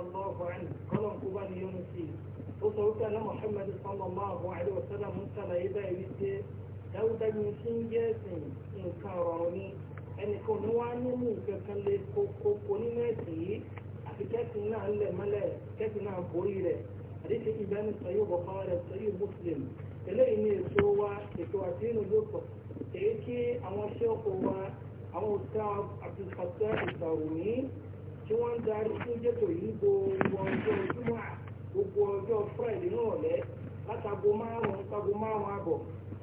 الله عنه قلم قبان يونسي وصوت أنا محمد صلى الله عليه وسلم مثل إذا يدي dáúdá ní tí ń jẹ́ ẹ̀sìn nǹkan ọ̀rọ̀ ni ẹnìkan ní wá nínú nǹkan kan lè kókó nínú ẹ̀sìn yìí àti kẹ́sìn náà lẹ̀ mọ́lẹ̀ kẹ́sìn náà borí rẹ̀ muslim wa tí wọ́n ń darí fún jẹ́tò yìí gbogbo ọjọ́ ojúmọ́ gbogbo ọjọ́ friday náà lẹ́ látago márùn-ún tago márùn-ún àbọ̀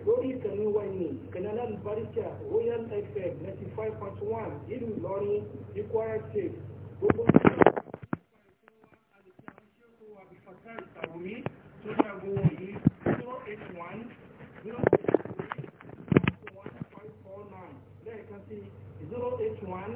lórí ìkànnì wẹ̀nì kẹ̀nẹ́lá lùbáríkà royal fm ninety five point one ìlú ìlọrin ní kwara state gbogbo ọjọ́ ìkàwé tó ní àgbo wọ̀nyí zero eight one zero eight three one five four nine lẹ́ẹ̀kan sí zero eight one.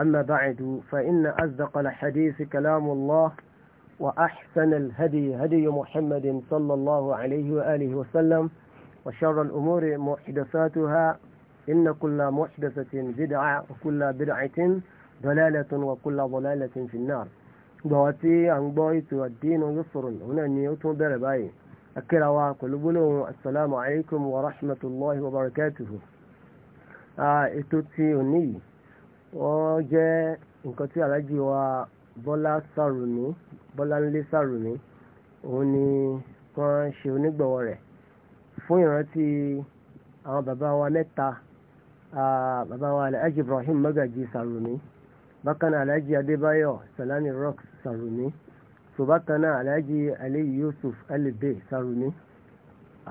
أما بعد فإن أصدق الحديث كلام الله وأحسن الهدي هدي محمد صلى الله عليه وآله وسلم وشر الأمور محدثاتها إن كل محدثة بدعة وكل بدعة ضلالة وكل ضلالة في النار دواتي عن بويت والدين يسر هنا نيوت برباي أكروا قلوبنا السلام عليكم ورحمة الله وبركاته آه إتوتي wọ́n jẹ́ nǹkan tí aláàjì wa bọ́lá sàrùmí bọ́láńlé sàrùmí òun ni wọ́n ṣe onígbọ̀wọ́ rẹ̀ fún ìrántí àwọn bàbá wa mẹ́ta bàbá wa aláàjì ibrahim magaji sàrùmí bákan náà aláàjì adébáyọ̀ salami rock sàrùmí so bákan náà aláàjì ali yusuf alebe sàrùmí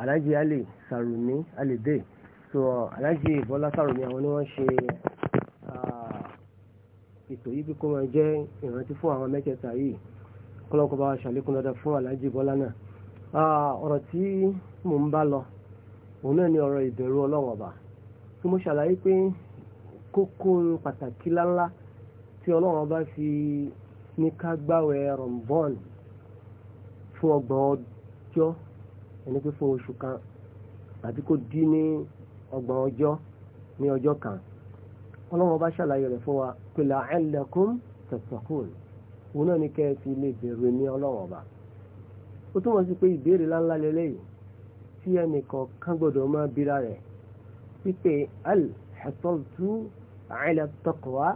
aláàjì ali sàrùmí alebe so aláàjì bọ́lá sàrùmí àwọn ni wọ́n ṣe ètò yìí bí kò máa jẹ́ ìrántí fún àwọn mẹ́tẹ̀ẹ̀ta yìí kọ́lọ́kọ́ bá wa ṣàlékún dáadáa fún aláàjì bọ́lá náà ọ̀rọ̀ tí mò ń bá lọ òun náà ni ọ̀rọ̀ ìbẹ̀rù ọlọ́wọ̀n ọba tí mo ṣàlàyé pé kókó pàtàkì láńlá tí ọlọ́wọ̀n ọba fi ní ká gbàwẹ̀ rọ̀mbọ́n fún ọgbọ̀n ọjọ́ ẹni pé fún oṣù kan àti kó dín ní ọgbọ̀n ọjọ́ ní ọjọ́ kan ọlọ́run bá ṣàlàyé rẹ̀ fún wa pé la'allakum tattaqun òun náà ní kẹ́ ẹ fi lè bẹ̀rù ní ọlọ́run ọba ó túmọ̀ sí pé ìbéèrè láńlá lélẹ́yìí tí ẹnìkan kan gbọ́dọ̀ máa bira rẹ̀ wípé al hasaltu ala taqwa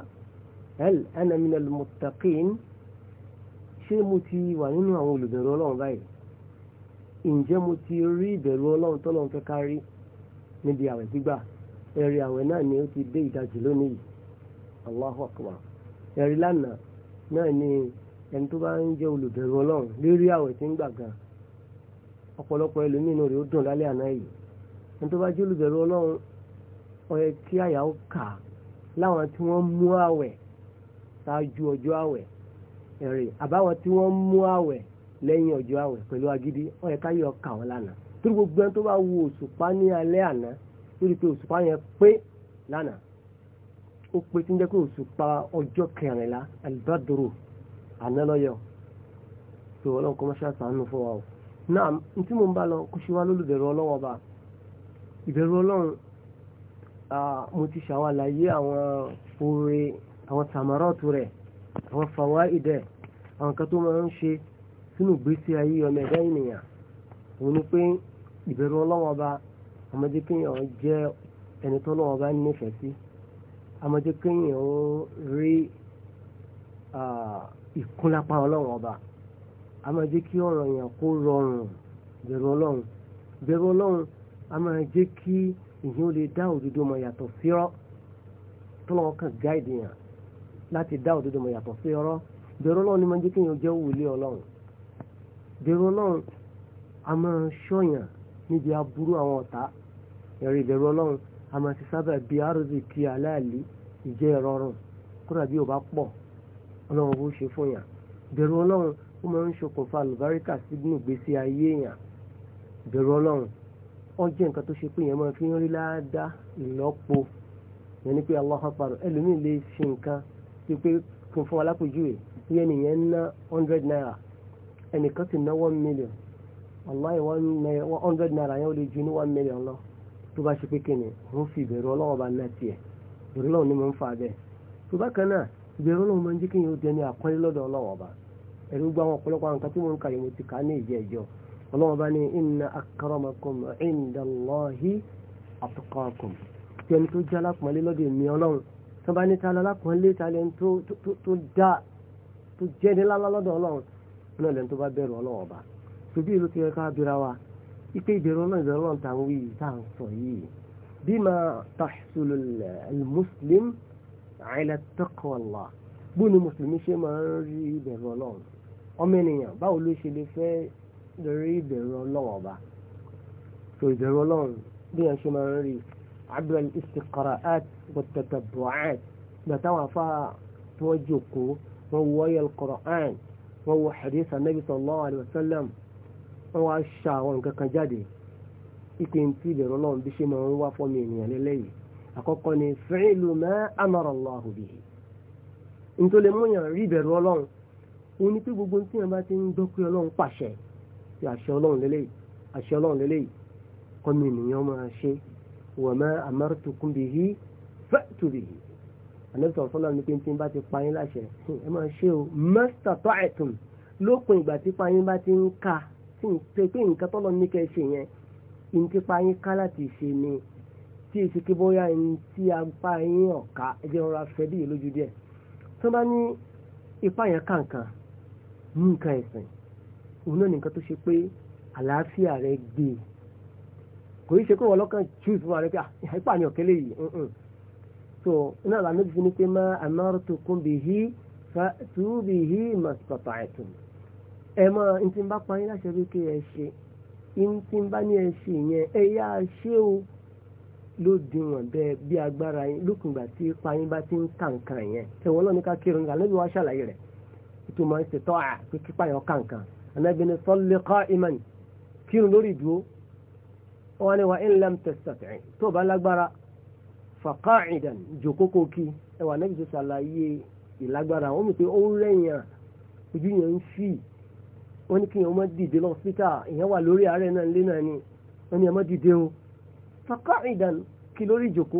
al ana minal ṣé mo ti wà nínú àwọn olùbẹ̀rù ọlọ́run báyìí ǹjẹ́ mo ti rí ìbẹ̀rù ọlọ́run tọ́lọ́run fẹ́ ká níbi àwẹ̀ gbígbà ẹ̀rí àwẹ̀ náà ni ó ti dé ìdajì lónìí yìí Allahu akbar ẹ̀rí lánàá náà ni ẹni tó bá ń jẹ́ olùbẹ̀rù ọlọ́run lérí àwẹ̀ tí ń gbà ọ̀pọ̀lọpọ̀ ẹlòmínú rẹ̀ ó dùn lálẹ́ àná yìí ẹni tó bá jẹ́ olùbẹ̀rù ọlọ́run kí àyà ó kà láwọn tí wọ́n mú àwẹ̀ ṣáájú ọjọ́ àwẹ̀ ẹ̀rí àbáwọn tí wọ́n mú àwẹ̀ lẹ́yìn ọjọ́ àwẹ̀ pẹ̀lú agídí ó káyọ̀ kà wọ́n lánàá torí gbogbo ẹni tó bá wo òṣùpá lórí pé òṣùpá yẹn pé lánàá ó pé tí ń jẹ́ pé òṣùpá ọjọ́ kẹrìnlá albadoro àná lọ́yọ̀ tó ọlọ́run kọ́ máṣá sànú fún wa o náà tí mo ń bá lọ kó ṣe wá lólùbẹ̀rù ọlọ́run ọba ìbẹ̀rù ọlọ́run mo ti ṣàwàlàyé àwọn oore àwọn tàmárọ̀tù rẹ̀ àwọn fàwa ìdẹ̀ àwọn kan tó máa ń ṣe sínú ìgbésí ayé ọmọ ẹ̀dá ènìyàn òun ni pé ìbẹ̀rù ọlọ́run ọba àmọ́jẹ́ kéèyàn jẹ́ ẹni tó lọ́wọ́ bá nífẹ̀ẹ́ sí àmọ́jẹ́ kéèyàn rí ìkúnlápá ọlọ́run ọba àmọ́jẹ́ kí ọ̀rọ̀ yẹn kó rọrùn bẹ̀rù ọlọ́run bẹ̀rù ọlọ́run àmọ́jẹ́ kí ìyẹn ò lè dá òdodo mọ̀ yàtọ̀ fírọ́ tó lọ́wọ́ kan gáìdì yàn láti dá òdodo mọ̀ yàtọ̀ fírọ́ bẹ̀rù ọlọ́run ni máa jẹ́ kéèyàn jẹ́ wòlíì ọlọ́run bẹ̀rù ọlọ́run àmọ́ ṣọ́yàn níbi aburú àwọn ọ̀tá ẹ̀rọ ìbẹ̀rù ọlọ́run a máa ti sábà bí arzik kí aláàlí ìjẹ́ ìrọ̀rùn kódà bí ò bá pọ̀ ọlọ́run bó ṣe fún yàn ìbẹ̀rù ọlọ́run ó máa ń ṣokùnfà àlùbáríkà sínú ìgbésí ayé èèyàn ìbẹ̀rù ọlọ́run ó jẹ́ nǹkan tó ṣe pé yẹn máa fi ń rí láàdá ìlọ́po yẹn ni pé Allahu Akbar ẹlòmíì lè ṣe nǹkan tí pé kò fún alápèjúwe yẹn hundred naira ẹnìkan ti ná one million wàláyé one hundred naira yẹn ó lè one million lọ tó bá ṣe pé kíni òun fi ìbẹ̀rù ọlọ́wọ́ bá ná tiẹ̀ ìbẹ̀rù ọlọ́wọ́ ni mò ń fa bẹ́ẹ̀ tó bá kan náà ìbẹ̀rù ọlọ́wọ́ máa ń jẹ́ kí yẹn ó dẹni àkọ́lé lọ́dọ̀ ọlọ́wọ́ bá ẹ̀rú gba àwọn ọ̀pọ̀lọpọ̀ àwọn kan tí mò ń kà yìí mo ti kà á ní ìjẹ́ ìjọ ọlọ́wọ́ bá ní inna akramakum indallahi atqakum ṣùgbọ́n ìlú ti yẹ ká bira wa ipe ìbẹ̀rù náà ìbẹ̀rù náà tà wí tá à ń sọ yìí bima tahsulu al-muslim ala taqwa bó ni mùsùlùmí ṣe máa ń rí ìbẹ̀rù ọlọ́run ọmọ ènìyàn báwo ló ṣe lè fẹ́ rí ìbẹ̀rù ọlọ́run ọba tó ìbẹ̀rù ọlọ́run bí wọ́n ṣe máa ń rí abdul istiqra'at wa tatabbu'at gbàtàwọn afá tí wọ́n jókòó wọ́n wọ́ wọ́n wọ́ wọ́n wá ṣa àwọn nǹkan kan jáde ìpín tí ìbẹ̀rù ọlọ́run bí ṣe máa ń wá fọ́ọ̀mù ènìyàn lélẹ́yìí àkọ́kọ́ ni fi'lu ma amara Allahu bihi nítorí mú yàn rí ìbẹ̀rù ọlọ́run òun ni pé gbogbo tí yàn bá ti ń gbọ́ pé ọlọ́run pàṣẹ ti àṣẹ ọlọ́run lélẹ́yìí àṣẹ ọlọ́run lélẹ́yìí kọ́mi ènìyàn máa ṣe wa ma amartukum bihi fa'tu bihi ànẹ́tọ̀ fọlọ́run ni pé ìgbà tí pa bá ti ń ka pé nǹkan tọ́lọ ní kẹ́ yẹn ní ti pa yín ká láti ṣe ni tí èsì kí bóyá ní tí apá yín ọ̀ka ẹjẹ́ rọra fẹ́ bí lójú díẹ̀ tí wọ́n bá ní ipá yẹn kàǹkàn ní nǹkan ẹ̀sìn òun náà nìkan tó ṣe pé àlàáfíà rẹ gbé kò í ṣe pé wọn lọ́kàn choose fún wa rẹ pé ah, ipá ni ọ̀kẹ́lẹ̀ yìí so iná làánú fi ni pé má amárùtù kún bìhí fa tùbìhí màsùpàpà ẹ̀tùn ẹ mọ ntí bá pa yín láṣẹ pé kí ẹ ṣe ntí bá ní ẹ ṣe yẹn ẹ yá ṣé o ló diwọn bẹ́ẹ̀ bí agbára yín lókùngbà tí pa yín bá ti ń kàǹkàn yẹn ẹwọn lọ ní ká kírun nígbà lẹbi wá ṣàlàyé rẹ ètò máa ń ṣe tọ́ à pé kípa yọ kàǹkàn anábìnrin salli qa'iman kírun lórí ìdúró wọn ni wa in lam tastati' tó o bá lágbára fa qa'idan jòkókó kí ẹwà anábìnrin ṣàlàyé ìlágbára wọn mi pé ó ń rẹ̀yìn ojú yẹn ń fì wọ́n ní kí èèyàn má dìde lọ́sítà èèyàn wà lórí ààrẹ náà nílé náà ni wọ́n ní ẹ má dìde o fàkà ìdàn kí lórí ìjòkó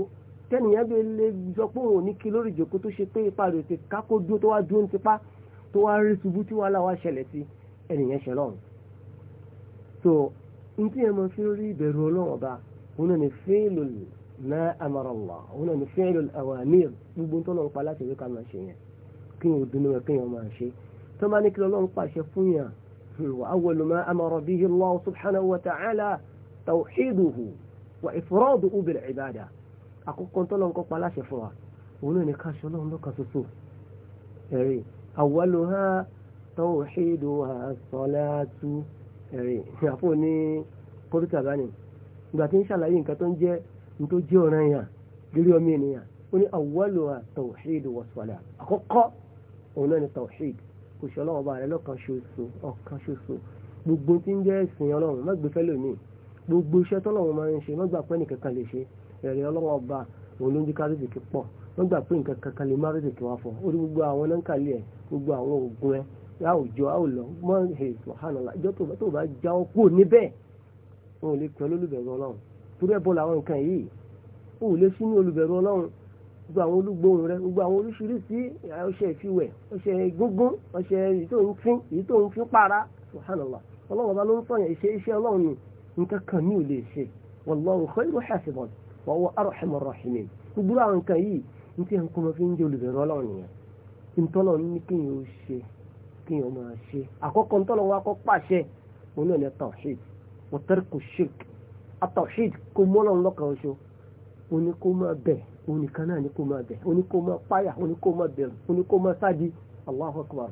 tẹ́nìyàn bẹ lè sọ pé òun ní kí lórí ìjòkó tó ṣe pé ipa rẹ̀ ti kákó dúró tó wá dúró nípa tó wá rí ṣubú tí wàhálà wá ṣẹlẹ̀ sí ẹnìyẹn ṣe lọ́run. so n tí yẹn mọ fi rí ìbẹ̀rù ọlọ́run ọba òun ní fíìlù náà amarọ̀lá òun ní fíìlù àwọn àmì pa láti وأول ما أمر به الله سبحانه وتعالى توحيده وإفراده بالعبادة أقول لهم كنت لا شفوها ولن يكاش لهم لك سسو يعني أولها توحيدها الصلاة يعني يعفوني قلت باني gbàtí ń ṣàlàyé nǹkan tó ń jẹ́ tó jẹ́ ọ̀ràn yàn lórí ọmọ ènìyàn توحيد ní awwaluha tawhid wa salat kò ṣe ọlọ́run ọba rẹ lọ́kàn ṣoṣo ọ̀kan ṣoṣo gbogbo tí ń jẹ́ ìsìn ọlọ́run má gbé fẹ́lẹ̀ mi gbogbo iṣẹ́ tọ́lọ́run máa ń ṣe má gbà pé nìkan kan lè ṣe ẹ̀rẹ̀ ọlọ́run ọba òun ló ń jí kárìsì kí pọ̀ má gbà pé nǹkan kan kan lè má rìsì kí wá fọ́ ó rí gbogbo àwọn náà ẹ̀ gbogbo àwọn oògùn ẹ̀ yà òjò a ò lọ gbogbo àwọn olúgbòhùn rẹ gbogbo àwọn oríṣiríṣi ọṣẹ ìfiwẹ̀ ọṣẹ gógún ọṣẹ èyí tó ń fín èyí tó ń fín para subhanallah ọlọ́run ọba ló ń sọ̀yàn iṣẹ́ iṣẹ́ ọlọ́run ni nǹkan kan ní ò lè ṣe wallahu khairu hasibun wa huwa arhamur rahimin gbogbo àwọn nǹkan yìí ní tí ẹnkọ́ máa fi ń jẹ́ olùbẹ̀rẹ̀ ọlọ́run nìyẹn ntọ́lọ̀ òun nìkan náà ní kó máa bẹ̀ ó ní kó máa páyà ó ní kó máa bẹ̀rù ó ní kó máa sádi Allahu Akbar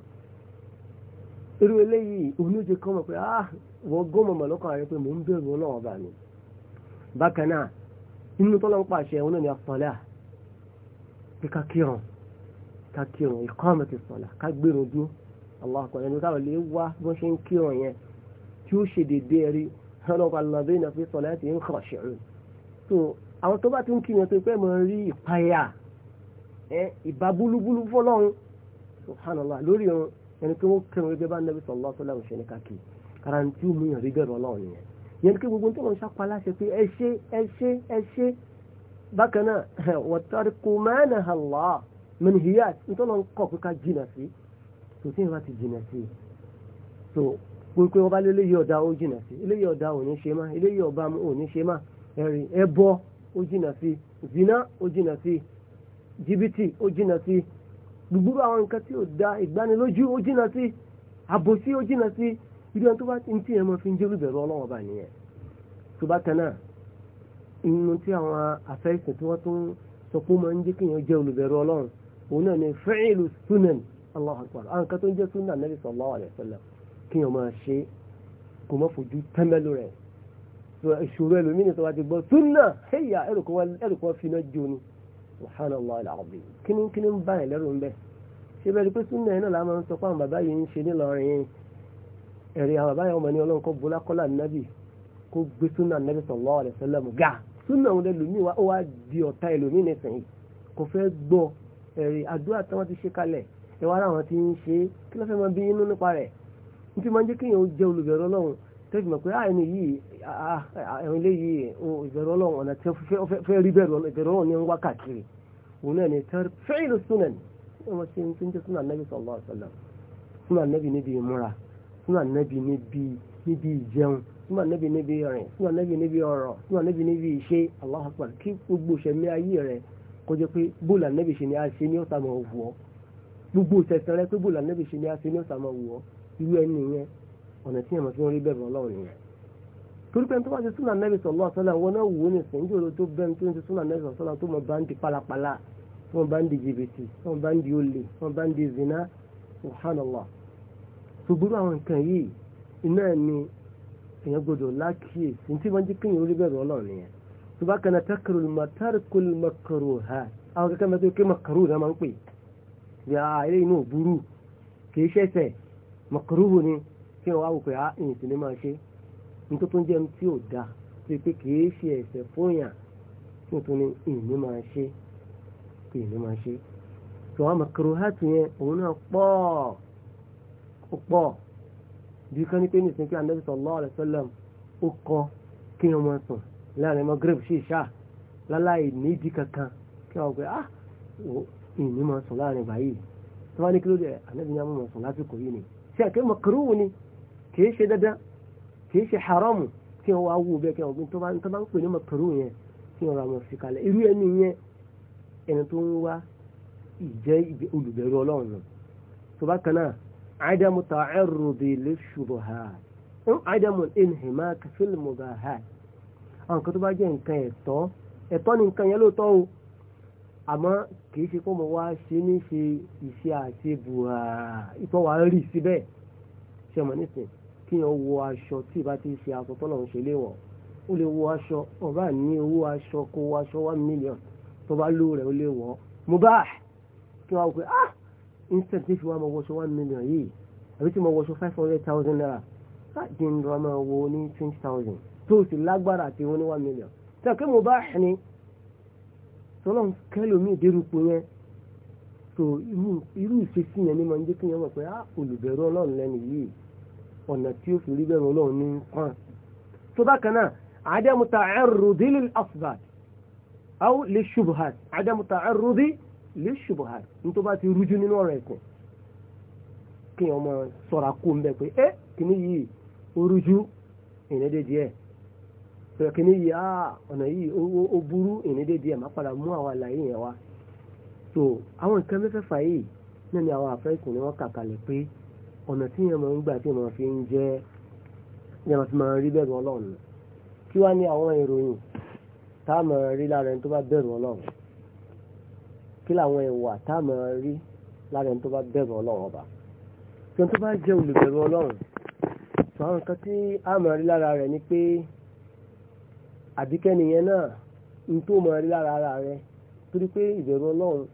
irú eléyìí òun ló jẹ kọ́ mọ̀ pé ah wọ́n gómọ̀ mọ̀ lọ́kàn rẹ pé mò ń bẹ̀rù ọlọ́wọ́ bá mi bákan náà inú tọ́lọ́ ń pàṣẹ òun náà ni àpọ̀lá pé ká kírun ká kírun ìkọ́mọ̀tì sọ̀lá ká gbèrò dúró Allahu Akbar ẹni táwọn lè wá bí ṣe ń kírun yẹn tí ó ṣe dédé rí ọlọ́pàá lọ́dún àwọn tó bá ti ń kí wọn tó pẹ́ mọ̀ rí ìpayà ìbá búlúbúlú fọ́lọ́run subhanallah lórí ọ̀run ẹni pé wọ́n kẹrin gẹ́gẹ́ bá nẹ́bí sọ̀lá sọ́lá òṣè ní káàkì kára tí ó múyàn rí bẹ̀rù ọlọ́run yẹn yẹn ni pé gbogbo tó lọ ń ṣapa láṣẹ pé ẹ ṣe ẹ ṣe ẹ ṣe bákan náà wọ́tọ́rí kò máa nà hàn lọ́ mẹ́nìhíyà tó lọ ń kọ̀ pé ká jìnà sí tó tí ìwà ti jìnà sí tó pé wọ́n bá lé eléyìí ọ̀dà ó jìnà sí eléyìí ọ̀dà ò ó jìnà sí zina ó jìnà sí jìbìtì ó jìnà sí gbogbo àwọn nǹkan tí ó da ìgbanilójú ó jìnà sí àbòsí ó jìnà sí ibi tó bá ti ń tí ẹ mọ fi ń jẹ́rú bẹ̀rù ọlọ́wọ́n bá nìyẹn tó bá kan náà inú tí àwọn afẹ́sìn tí wọ́n tún sọ pé ó máa ń jẹ́ kéèyàn jẹ́ olùbẹ̀rù ọlọ́run òun náà ni fẹ́ẹ̀lù sunan Allahu akbar àwọn nǹkan tó ń jẹ́ sunan Nabi sallallahu alaihi wasallam kéèyàn máa ṣe kò má fojú tẹ́mẹ́lú rẹ̀ ìṣòro ẹlòmínì tó wá ti gbọ́ súnà ẹ̀yà ẹ̀rùkọ́ finá jó ni subhanallah alazim kíní kíní ń bá yẹn lẹ́rù ń bẹ̀ ṣé bẹ́ẹ̀ ni pé súnà yẹn náà la máa ń sọ pé àwọn bàbá yìí ń ṣe nílọrin ẹ̀rí àwọn bàbá yẹn ọmọ ní ọlọ́run kọ́ bọ́lákọ́lá nàbì kó gbé súnà nàbì sallallahu alaihi wasallam ga súnà òun lẹ́lòmíì wá ó wá di ọ̀tá ẹlòmíì nìsín kò fẹ́ gbọ́ Ah, ah, àwọn eléyìí ìbẹ̀rù ọlọ́run ọ̀nà tí fẹ́ rí bẹ̀rù ìbẹ̀rù ọlọ́run ní ń wá káàkiri òun náà ni tẹ́rù fẹ́ẹ̀lú súnà ní wọ́n ń tún jẹ́ nẹ́bí nẹ́bí níbi ìmúra nẹ́bí níbi ìjẹun nẹ́bí níbi nẹ́bí níbi ọ̀rọ̀ nẹ́bí Allahu kí gbogbo ayé kó jẹ́ pé bóòlà nẹ́bí ṣe ni a ṣe ní gbogbo torí pé tó bá ti súnà nẹ́bí sallallahu alaihi wasallam wọn náà wò ó ní sìn jòrò tó bẹ́ẹ̀ tó ń ti súnà nẹ́bí sallallahu alaihi wasallam tó mọ bá ń di pálapàla tó mọ bá ń di jìbìtì tó mọ bá ń di olè tó mọ bá ń di zina subhanallah ṣùgbọ́n àwọn nǹkan yìí iná ni èèyàn gbọdọ̀ lákìyèsí tí wọ́n jí kéèyàn orí bẹ̀rù ọlọ́run yẹn tó bá kan tẹ́kùrù mọ́tàrkùl mọ́kàrù ha àwọn kankan mẹ́tọ́ kí mọ́kàrù náà máa ń pè bí a ilé inú òbúrú kìí ṣẹ̀ṣẹ̀ mọ́kàrù ni kí wọ́n wá wò pé a ìyìn sí ni máa ṣe nítorí tó ń jẹun tí ò da pé pé kìí ṣe ẹ̀sẹ̀ fóyàn tó tún ní ìní máa ṣe pé ìní máa ṣe tó àwọn makruhati yẹn òun náà pọ̀ ó pọ̀ bí kan ní pé ní ìsìnkú Ànábì sallallahu alaihi wasallam ó kọ kí wọ́n máa sùn láàrin Maghrib sí ìṣá láláì nídìí kankan kí wọ́n gbé ah ìní máa sùn láàrin ìgbà yìí tí wọ́n ní kí ló dé Ànábì ní àwọn máa sùn lásìkò yìí ni ṣé àkẹ́ makruhu ni kìí ṣe dandan kì í ṣe haramu kí wọ́n wá wú bẹ́ẹ̀ kí wọ́n gbé tó bá ń pè ní mọ̀kàrú yẹn kí wọ́n ra wọn fi kalẹ̀ irú ẹni yẹn ẹni tó ń wá ìjẹ́ olùbẹ̀rù ọlọ́run tó bá kan náà ádámù ta ẹrù bíi lè ṣubú ha ádámù ìnhìmá fílmù bá ha àwọn kan tó bá jẹ́ nǹkan ẹ̀tọ́ ẹ̀tọ́ ni nǹkan yẹn lóòótọ́ o àmọ́ kì í ṣe kó mo wá ṣe ní ṣe iṣẹ́ àti ibùhà ìtọ́wà rí síbẹ̀ ṣe mọ̀ nísìnyí kí wọ́n wọ aṣọ tí ìbá ti ṣe aṣọ tọ́lọ̀ ń ṣe léwọ̀ ó lè wọ aṣọ ọba ní owó aṣọ kó wọ aṣọ one million tó bá lò rẹ̀ ó lè wọ̀ mo bá kí wọ́n wọ pé ah instant tí fi wọ́n mọ wọṣọ one million yìí àbí tí mo wọṣọ five hundred thousand naira láti ń lọ máa wo ní twenty thousand tó o sì lágbára àti wọn ní one million tí a kí mo bá ní tọ́lọ̀ kẹlòmíì dérúkú yẹn so irú ìṣesí yẹn ni máa ń jẹ́ kí yẹn mọ̀ pé ah olùbẹ̀rù ọlọ́run lẹ́nu yìí ọ̀nà tí ó fi rí bẹ̀rù ọlọ́run ní kàn. tó bákan náà àdẹ́mu ta'arrudi lil asbat aw lil shubuhat àdẹ́mu ta'arrudi lil shubuhat ní tó bá ti rújú nínú ọ̀rọ̀ ẹ̀kọ́ kí wọ́n máa sọ̀rọ̀ kó ń bẹ̀ pé ẹ́ kìíní yìí ó rújú ìnídédìẹ́ pẹ̀lú kìíní yìí á ọ̀nà yìí ó burú ìnídédìẹ́ má padà mú àwọn àlàyé yẹn wá. so àwọn nǹkan mẹ́fẹ̀ẹ̀fà yìí náà ni àwọn àfẹ́ ìkùnrin wọn kàkàlẹ̀ pé ọ̀nà tí yẹn máa ń gbà tí yẹn fi ń jẹ́ yẹn fi máa ń rí bẹ̀rù ọlọ́run kí wá ní àwọn ìròyìn tá a máa rí lára ẹni tó bá bẹ̀rù ọlọ́run kí làwọn ìwà tá a máa rí lára ẹni tó bá bẹ̀rù ọlọ́run ọba tí wọn tó bá jẹ́ olùbẹ̀rù ọlọ́run tó àwọn kan tí a máa rí lára rẹ̀ ni pé àbíkẹ́ni yẹn náà ń tó máa rí lára ara rẹ̀ torí pé ìbẹ̀rù ọlọ́run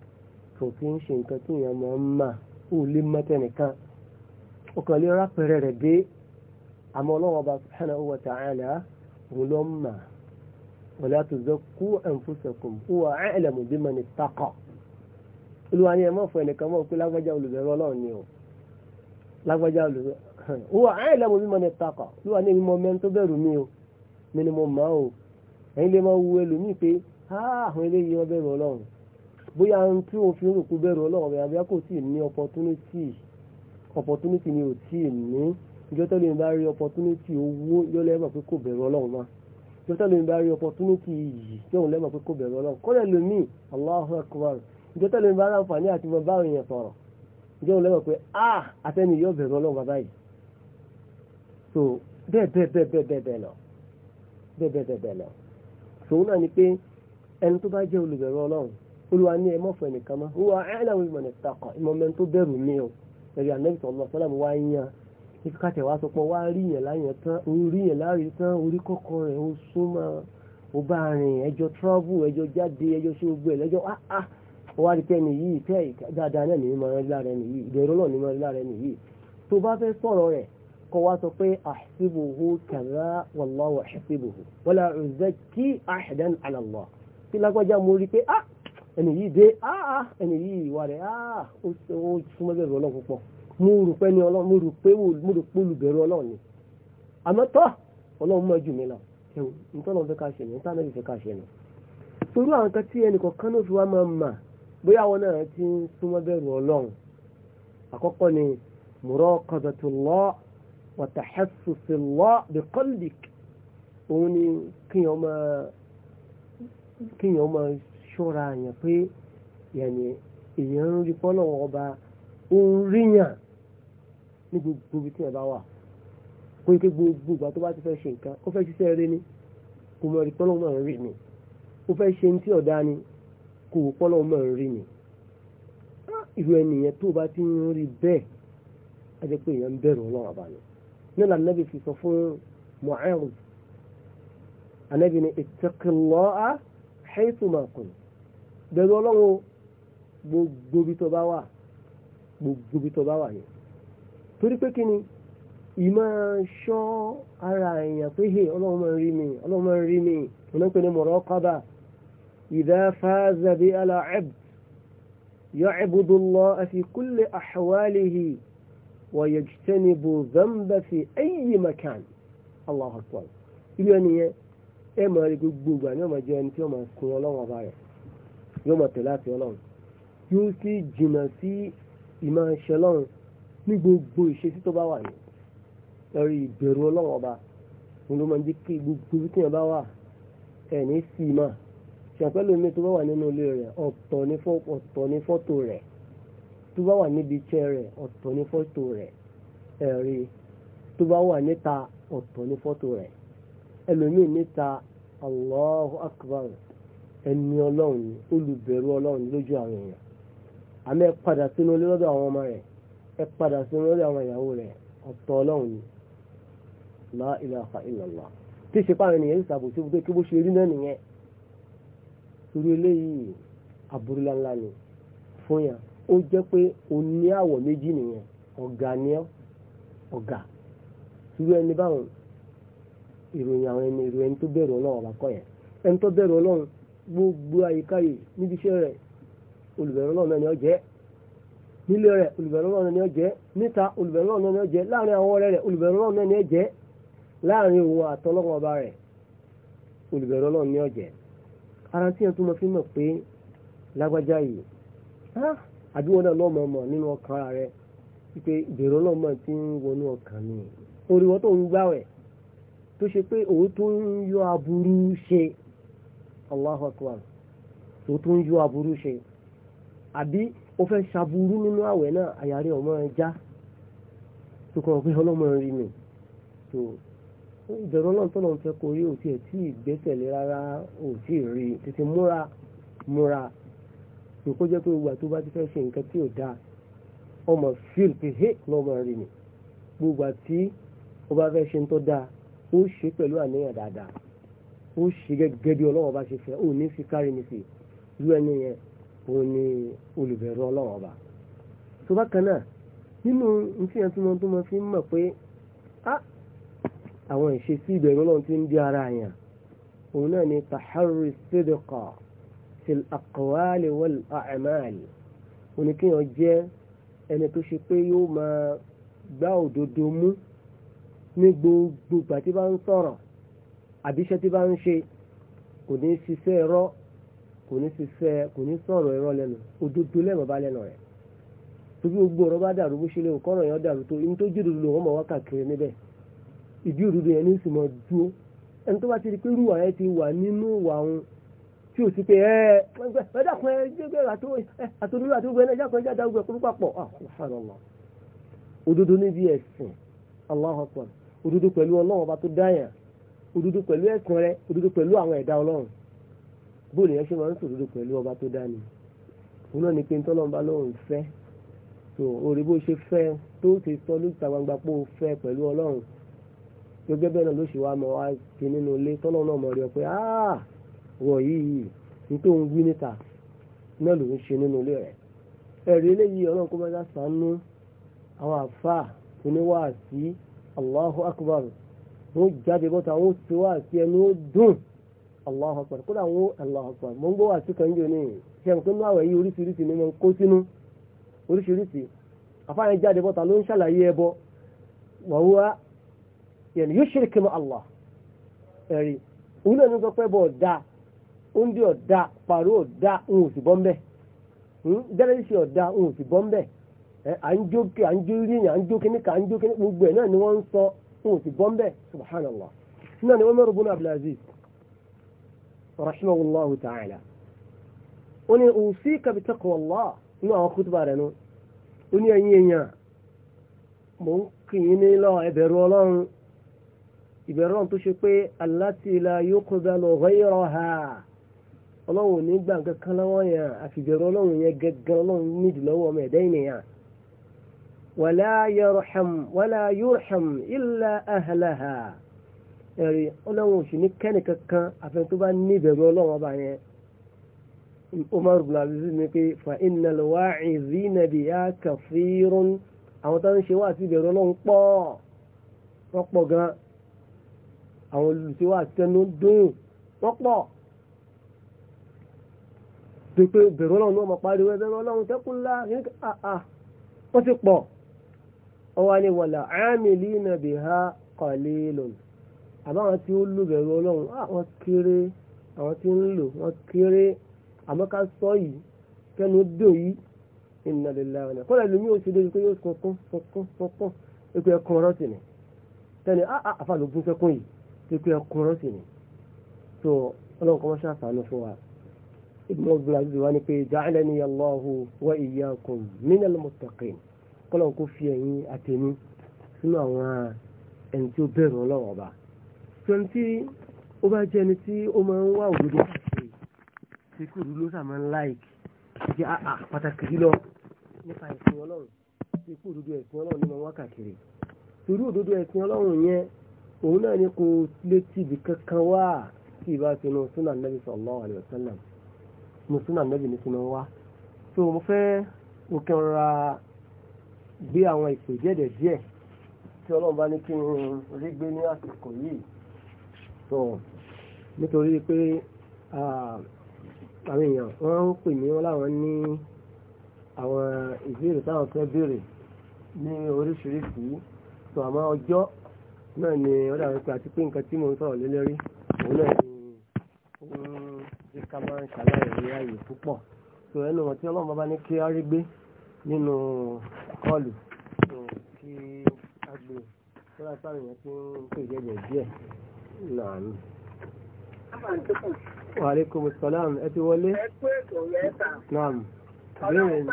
kò kí ń ṣe nǹkan tí èèyàn máa ń mà ó lè mọ́tẹ́nìkan ọkàn lè rà pẹ̀rẹ̀ rẹ̀ dé àmọ́ ọlọ́run ọba subhanahu wa ta'ala òun ló ń mà wala tuzakku anfusakum huwa a'lamu biman ittaqa olúwa ni ẹ má fọ ẹnìkan mọ́ pé lágbájá olùbẹ̀rù ọlọ́run ni o lágbájá olùbẹ̀rù huwa a'lamu biman ittaqa olúwa ni mímọ mẹ́rin tó bẹ̀rù mi o mi ni mo máa ah, o opportunity ni ò tí ì ní ìjọ tẹ́lẹ̀ mi bá rí opportunity owó yọ lẹ́mọ̀ pé kò bẹ̀rù ọlọ́run mọ́ ìjọ tẹ́lẹ̀ mi bá rí opportunity yìí yọ òun pé kò bẹ̀rù ọlọ́run kọ́lẹ̀ lomi Allahu akbar ìjọ tẹ́lẹ̀ mi bá rí àǹfààní àti mọ báwọn èèyàn sọ̀rọ̀ ìjọ òun pé ah àtẹ́ni yọ bẹ̀rù ọlọ́run bàbá yìí so bẹ́ẹ̀ bẹ́ẹ̀ bẹ́ẹ̀ bẹ́ẹ̀ bẹ́ẹ̀ bẹ́ẹ̀ lọ bẹ́ẹ̀ bẹ́ẹ̀ bẹ́ẹ̀ bẹ́ẹ̀ lọ sòun náà ni pé ẹni tó bá jẹ́ olùbẹ̀rù ọlọ́run olùwà ní ẹ mọ̀fọ̀ ẹnìkan mọ́ wọ́n á ẹ̀ láwọn ìmọ̀ nìta kọ̀ ìmọ̀ mẹ́ni tó bẹ̀rù mi o ẹ̀rí ànẹ́bìtọ̀ lọ sọ́làmù wá yan ibi ká tẹ̀wá sọ pé wá rí yẹn láyẹn tán orí yẹn láre tán orí kọ́kọ́ rẹ̀ ó súnmọ́ ó bá rìn ẹjọ́ travel ẹjọ́ jáde ẹjọ́ sí gbogbo ẹ̀ lẹ́jọ́ áá ah, ah, wá rí tẹ́ni yìí tẹ́ dáadáa náà nìyí máa ń lára ẹni yìí ìbẹ̀rù ẹni yìí dé áá ah, ah, ẹni yìí ìwà rẹ̀ áá ah, ó súnmọ́ bẹ̀rù ọlọ́run púpọ̀ mo rò pé ní ọlọ́run mo rò pé mo rò pé olùbẹ̀rù ọlọ́run ni àmọ́ tọ́ ọlọ́run mọ́ jù mí lọ ẹ̀wò nítọ́lọ́run fẹ́ ká ṣe nù nítọ́lọ́run fẹ́ ká ṣe nù. torí àwọn òun ni kíyàn máa ṣọ́ra yẹn pé yẹnì èèyàn ń rí pọ́nà ọba ó ń ríyàn ní gbogbo ibi tí yẹn bá wà kó ike gbogbo ìgbà tó bá ti fẹ́ ṣe nǹkan ó fẹ́ ṣiṣẹ́ rẹ ni kò mọ̀ rí pọ́nà náà rí ni ó fẹ́ ṣe ní tí ọ̀dá ni kò pọ́nà náà rí ni irú ẹnìyẹn tó bá ti ń rí bẹ́ẹ̀ á jẹ́ pé èèyàn ń bẹ̀rù ọlọ́run àbàlẹ̀ nílà nẹ́bí fi sọ fún Mu'adh ànẹ́bí ni ittaqillaha haythuma kunta bẹ̀rù ọlọ́run gbogbo ibi tó bá wà gbogbo ibi tó bá wà yẹn torí pé kí ni ìmọ̀ ṣọ́ ara èèyàn pé hey ọlọ́run máa ń rí mi ọlọ́run máa ń rí mi ọ̀nà pé ní muraqaba idha faza bi al-abd ya'budu Allah fi kulli ahwalihi wa yajtanibu dhanba makan Allahu ilé ẹni yẹn ẹ máa rí gbogbo ìgbà ọmọ jẹ́ ẹni tí ọmọ kun ọlọ́run ọba rẹ̀ yóò mọ̀ tẹ̀lé àti ọlọ́run yóò sì jìnnà sí ìmọ̀ ẹ̀ṣẹ̀ ọlọ́run ní gbogbo ìṣesí tó bá wà ní ẹ̀rí ìbẹ̀rù ọlọ́run ọba òun ló máa ń jẹ́ kí gbogbo ibi tí yẹn bá wà ẹ̀ ní sí ìmọ̀ ṣàpẹ́lú mi tó bá wà nínú ilé rẹ̀ ọ̀tọ̀ ní fọ́tò rẹ̀ tó bá wà níbi iṣẹ́ rẹ̀ ọ̀tọ̀ ní fọ́tò rẹ̀ ẹ̀rí tó bá wà níta ọ̀tọ̀ ní fọ́tò rẹ̀ ẹlòmíì níta Allahu Akbar ẹni ọlọ́run ni olùbẹ̀rù ọlọ́run ni lójú àwọn èèyàn àmọ́ ẹ padà sínú ilé lọ́dọ̀ àwọn ọmọ rẹ̀ ẹ padà sínú àwọn ìyàwó ọ̀tọ̀ ọlọ́run ni la ilaha illallah tí ìṣe pàrọ̀ ènìyàn yìí sàbòsí pé kí bó ṣe rí náà nìyẹn torí eléyìí ni fún yàn ó jẹ́ pé o ní àwọ̀ méjì nìyẹn ọ̀gá ni ọ́ ọ̀gá irú ẹni báwọn ìròyìn gbogbo àyíká yìí níbi iṣẹ́ rẹ̀ olùbẹ̀rù Ọlọ́run ni ó jẹ́ nílé rẹ̀ olùbẹ̀rù Ọlọ́run ni ó jẹ́ níta olùbẹ̀rù Ọlọ́run ni ó jẹ́ láàrin àwọn ọ̀rẹ́ rẹ̀ olùbẹ̀rù Ọlọ́run ni ó jẹ́ láàrin òun àtọlọ́wọ́n ọba rẹ̀ olùbẹ̀rù Ọlọ́run ni ó jẹ́ ara tí yẹn tó mọ fi mọ̀ pé lágbájá yìí àdúgbò náà lọ́mọ mọ̀ nínú ọkàn rẹ̀ pé ti ń wọnú ọkàn oríwọ́ tó ń gbáwẹ̀ tó ṣe pé òun tó ń yọ aburú ṣe Allahu akbar tó tún yọ aburú ṣe àbí ó fẹ́ ṣaburú nínú àwẹ̀ náà àyàrí ọmọ ẹ já tó kàn pé ọlọ́mọ rí mi tó ìbẹ̀rù ọlọ́run tó lọ́n fẹ́ kó rí òtí ẹ̀ tí ìgbésẹ̀ lé rárá òtí rí tètè múra múra tó kó jẹ́ pé gbogbo àti bá ti fẹ́ ṣe nǹkan tí ò dáa ọmọ fíl pé hé lọ́mọ rí mi gbogbo àti ó bá fẹ́ ṣe ń tọ́ dáa ó ṣe pẹ̀lú àníyàn dáadáa ó ṣe gẹ́gẹ́ bí ọlọ́wọ́ bá ṣe fẹ́ ó ní fi kárí mi sí irú ẹni yẹn ó ní olùbẹ̀rù ọlọ́wọ́ bá. tó bá kan náà nínú nfihàn tí wọn tó máa fi ń mọ̀ pé àwọn ìṣesí ìbẹ̀rù ọlọ́run ti ń di ara yàn òun náà ni tahari sidqa fil aqwali wal a'mal oníkéèyàn jẹ́ ẹni tó ṣe pé yóò máa gbá òdodo mú ní gbogbo ìgbà bá ń sọ̀rọ̀ àbíṣẹ́ tí bá ń ṣe kò ní ṣiṣẹ́ ẹ̀rọ kò ní ṣiṣẹ́ kò ní sọ̀rọ̀ ẹ̀rọ lẹ́nu òdodo lẹ́mọ̀ bá lẹ́nu rẹ̀ tóbi gbogbo ọ̀rọ̀ bá dàrú bó ṣe lè kọ́rọ̀ yẹn dàrú tó ní tó jù dúdú wọn mọ̀ wá káàkiri níbẹ̀ ìdí òdodo yẹn ní sì mọ̀ dúró ẹni tó bá ti di pé rúwà yẹn ti wà nínú wà ń tí o sì pé ẹ ẹ ẹ gbẹgbẹ àtòlúwà ẹ ẹ jáde òdodo pẹ̀lú ẹ̀sìn rẹ òdodo pẹ̀lú àwọn ẹ̀dá ọlọ́run bó lè yẹn ṣe máa ń sòdodo pẹ̀lú ọba tó dání òun náà ni pé ntọ́lọ́mba lóun fẹ́ tó orí bó ṣe sọ lóta gbangba o fẹ́ pẹ̀lú ọlọ́run náà ló ṣe wá mọ wá ti nínú ilé tọ́lọ́run náà mọ̀ rí ọ pé wọ̀ yìí ní tó ń wí níta náà ló ń ṣe ọlọ́run kó máa wọ́n jáde bọ́ta wọ́n ti wá sí ẹnu ó dùn Allahu Akbar kódà wọ́n Allahu Akbar ń gbọ́ wá sí kanjọ ní ṣẹ́yìn pé nínú oríṣiríṣi ni mo ń kó sínú oríṣiríṣi jáde ló ń ṣàlàyé yóò ẹ̀rí òun náà ní sọ pé bọ́ ọ̀dà oúnjẹ ọ̀dà pàrọ̀ ọ̀dà ń bọ́ wọ́n ń wọn ti bọ́ mbẹ́ subhanallah náà ni Umar ibn Abdul Aziz rahimahullahu ta'ala ó ní usika bi taqwallah inú àwọn kútùbà rẹ̀ nu ó ní ẹ̀yin èèyàn mò ń kì í ní lọ ẹ̀bẹ̀rù ọlọ́run ìbẹ̀rù ọ̀hún tó ṣe pé allati la yuqbalu ghayraha ọlọ́run ò ní gbà kankan lọ́wọ́ yẹn àfìbẹ̀rù ọlọ́run yẹn gẹ́gẹ́ ọlọ́run nídìí lọ́wọ́ ọmọ ẹ̀dá ènìyàn ولا يرحم ولا يرحم إلا أهلها ẹ̀rí ọlọ́run òsì ní kẹ́nìkankan àfẹn tó bá ní ìbẹ̀rù ọlọ́run ọba yẹn Umar bin Abdul ní pé fa innal wa'izina biha kathirun àwọn tó ń ṣe wá sí ìbẹ̀rù ọlọ́run pọ̀ wọ́n pọ̀ gan àwọn olùṣe wá tẹnu dùn wọ́n pọ̀ pé pé ìbẹ̀rù ọlọ́run náà mọ̀ pariwo ìbẹ̀rù ọlọ́run tẹ́kùnlá ah, ah. wọ́n ti pọ̀ ọwọ́ ni wọ̀là ámìlì nàbì ha kọ̀lélùn àbáwọn tí ó lùbẹ̀rù ọlọ́run àwọn ah, kéré àwọn tí ń lò wọ́n kéré àmọ́ ká sọ yìí kẹ́nu dò yìí ìnàlélá ọ̀nà kọ́lá ìlú mi ò ṣe débi pé yóò sunkún sunkún sunkún ikú ẹkùn ọ̀rọ̀ sí ni tẹ́ni ah, ah, àfa ló gún sẹ́kùn yìí ikú ẹkùn ọ̀rọ̀ sí ni tó ọlọ́run kọ́ mọ́ṣá sànú fún wa ibùdó gbìyànjú wa ni pé ja'alani Allahu wa iyyakum minal muttaqin kọ́lọ́n kó fi ẹ̀yìn àtẹ̀mí sínú àwọn ẹni tí ó bẹ̀rù ọlọ́run ọba sọ̀rọ̀ tí ó bá jẹ́ ẹni tí ó máa ń wá òdodo káàkiri tí kò dúró sàmọ́ láìkì jẹ́ àà pàtàkì jùlọ nípa ẹ̀sìn ọlọ́run tí kò dúdú ah, ah, ẹ̀sìn ọlọ́run ní wọn káàkiri torí òdodo ẹ̀sìn ọlọ́run yẹn òun náà ni kò lè tìbí kankan wá tí ìbá ti nu súnà nàbì sallallahu alaihi wasallam nu súnà nàbì ní sinú wá so mo fẹ́ òkè ọ̀rọ̀ gbé àwọn ìpè díẹ̀ díẹ̀ tí ọlọ́run bá ní kí n rí gbé ní àsìkò yìí tó nítorí pé àwọn èèyàn wọ́n ń pè mí wọ́n láwọn ní àwọn ìbéèrè táwọn fẹ́ béèrè ní oríṣiríṣi tó àmọ́ ọjọ́ náà ni ó dàbí pé àti pé nǹkan tí mò ń sọ̀rọ̀ lélẹ́rí òun náà ni òun ti ká máa ń ṣàlàyé ààyè púpọ̀ tó ẹnu wọn ọlọ́run bá ní kí á rí gbé nínú kọlù tó kí agbè tó e. láti àwọn èèyàn tí ń pè jẹjẹ díẹ̀ náà ni. wa alaikum salam ẹ ti wọlé. ẹ pé ètò rẹ ta. náà. Béèrè ni.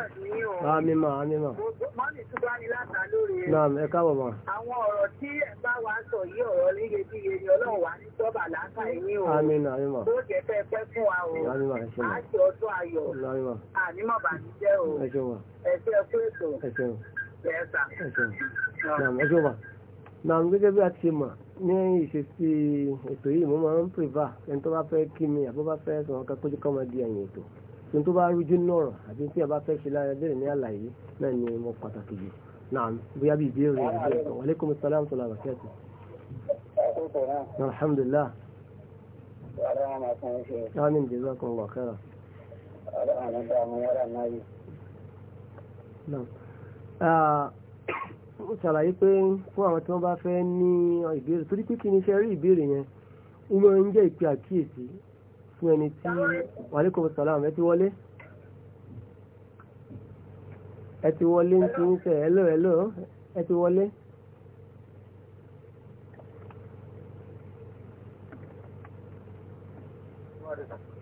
Mọ́nì bá ní látà lórí ẹ̀. wa sọ ọ̀rọ̀ níyebíye ni Ọlọ́run wà ní sọ́bà o. Àmì náà mi máa. Bó fẹ́ pẹ́ fún wa o. Àmì máa ẹ ṣe máa. Àti ọdún ayọ̀. Àmì máa. Àní bá mi jẹ́ o. Ẹ ṣe wà. Ẹ ṣe ẹ kú ètò. gẹ́gẹ́ bí a ti mọ̀ ní ìṣesí ètò yìí mo ní tó bá rújú nọ̀rọ̀ àbí tí ẹ bá fẹ́ ṣe lára bẹ́ẹ̀ ní àlàyé náà ni mo pàtàkì yìí náà bóyá bí ìbéèrè ìbéèrè kan wàlékùn sálám tó làbà kẹ́ẹ̀tì. alhamdulillah. amin jesus kan wà kẹ́ra. mo ṣàlàyé pé fún àwọn tí wọ́n bá fẹ́ ní ìbéèrè torí pé kí ni iṣẹ́ rí ìbéèrè yẹn ó jẹ́ ìpè àkíyèsí fún ẹni tí wàlékòó sàlámù ẹ ti wọlé ẹ ti wọlé ń ti ń sẹ ẹlò ẹlò ẹ ti wọlé.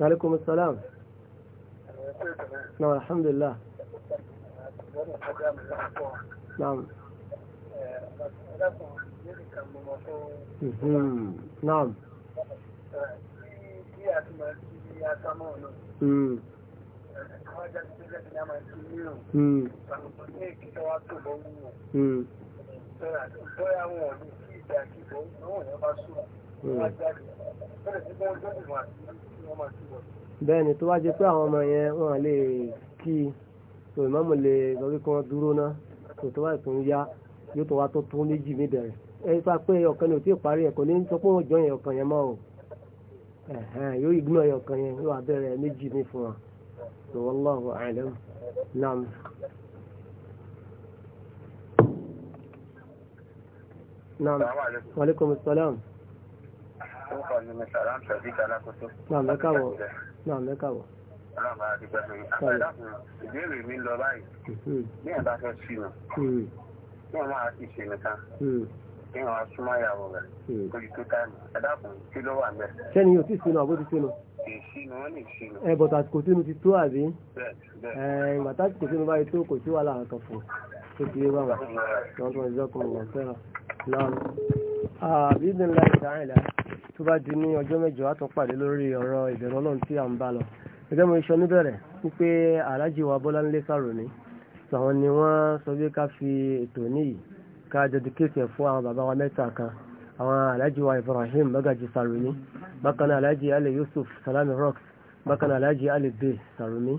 وعليكم السلام نعم الحمد لله نعم نعم bẹ́ẹ̀ni hmm. hmm. tó wá hmm. jẹ́ pé àwọn ọmọ yẹn wọ́n lè kí tó ìmọ̀mù lè lórí kan dúró náà tó tó wá ìtún yá yóò tó wá tó tún méjì mí bẹ̀rẹ̀ ẹ fà pé ọ̀kan ni ò tí ì parí ẹ̀kọ́ ní sọ pé wọ́n jọ yẹn ọ̀kan yẹn mọ́ yóò ignore ẹyọ kan yẹn yóò abẹ́rẹ́ méjì ní fún wa so wallahu a'lam naam. naam waaleykum salaam. orúkọ mi ni salam sadiq alakoso. naam ẹ káàbọ̀ naam ẹ káàbọ̀. ọlọ́run bá a ti pẹ́ fún mi àpẹẹrẹ ìbéèrè mi lọ báyìí mm-hmm. bí ẹ̀ bá fẹ́ sí mi bí ẹ̀ máa ti ṣe nìkan. Mm-hmm kéèyàn wá súnmọ́ ìyàwó rẹ̀ hmm. kó ti yóò ti sinú àbó ti sinú. ẹ bọ̀tà àsìkò sínú ti tó àbí. ẹ ìgbà tásìkò sínú báyìí tó kò sí wàhálà kankan fún tó ti yé báwọn. wọn kàn jọ kàn wọn fẹ́ràn náà. àbídìnlá ìdáhìnlá tó bá di ní ọjọ́ mẹ́jọ á tún pàdé lórí ọ̀rọ̀ ìbẹ̀rù ọlọ́run tí à ń bá lọ. gẹ́gẹ́ mo sọ níbẹ̀rẹ̀ wípé aláàjì wa bọ́lá ńlẹ́ sàrò ní. sàwọn ni wọ́n sọ ká dedicate ẹ̀ fún àwọn bàbá wa mẹ́ta kan àwọn aláàjì wa Ibrahim Magaji Sarumi bákan náà aláàjì Ali Yusuf Salami Rocks bákan náà aláàjì Ali Bay Sarumi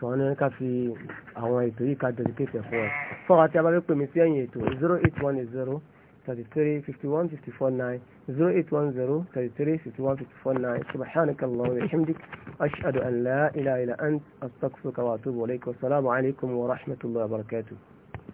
sọ̀rọ̀ ní ká fi àwọn ètò yìí ká dedicate ẹ̀ fún ọ. fún àwọn tí a bá fẹ́ pè mí sí ẹ̀yìn ètò zero eight one zero thirty three fifty one fifty four nine zero eight one zero thirty three fifty one fifty four nine subhanaka Allahumma wa bihamdik ashhadu an la ilaha illa ant astaghfiruka wa atubu ilayk wa salaamu alaykum wa rahmatullahi wa barakatuh.